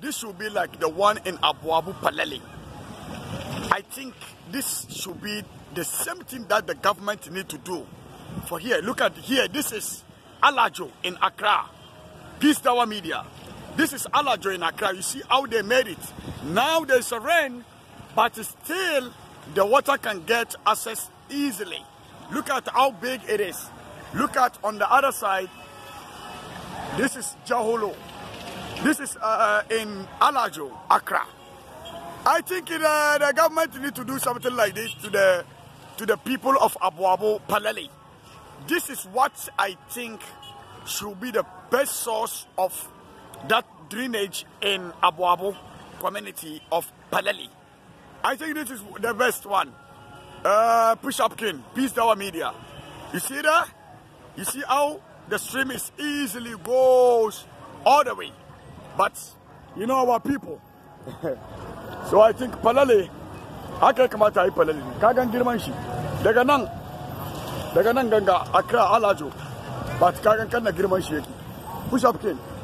This should be like the one in Abu Abu Palele. I think this should be the same thing that the government need to do. For here, look at here. This is Alajo in Accra. Peace Tower Media. This is Alajo in Accra. You see how they made it. Now there's a rain, but still the water can get access easily. Look at how big it is. Look at on the other side. This is Jaholo. This is uh, uh, in Alajo, Accra. I think uh, the government need to do something like this to the to the people of Abu Palele. This is what I think should be the best source of that drainage in Abu community of Palele. I think this is the best one. Uh, push up king, peace Tower our media. You see that? You see how the stream is easily goes all the way. But you know our people. so I think palale haka kamata a yi palale ne. Kagan girman shi daga nan daga nan ganga akra Alajo. But gan kan na girman shi yake. Push up kid.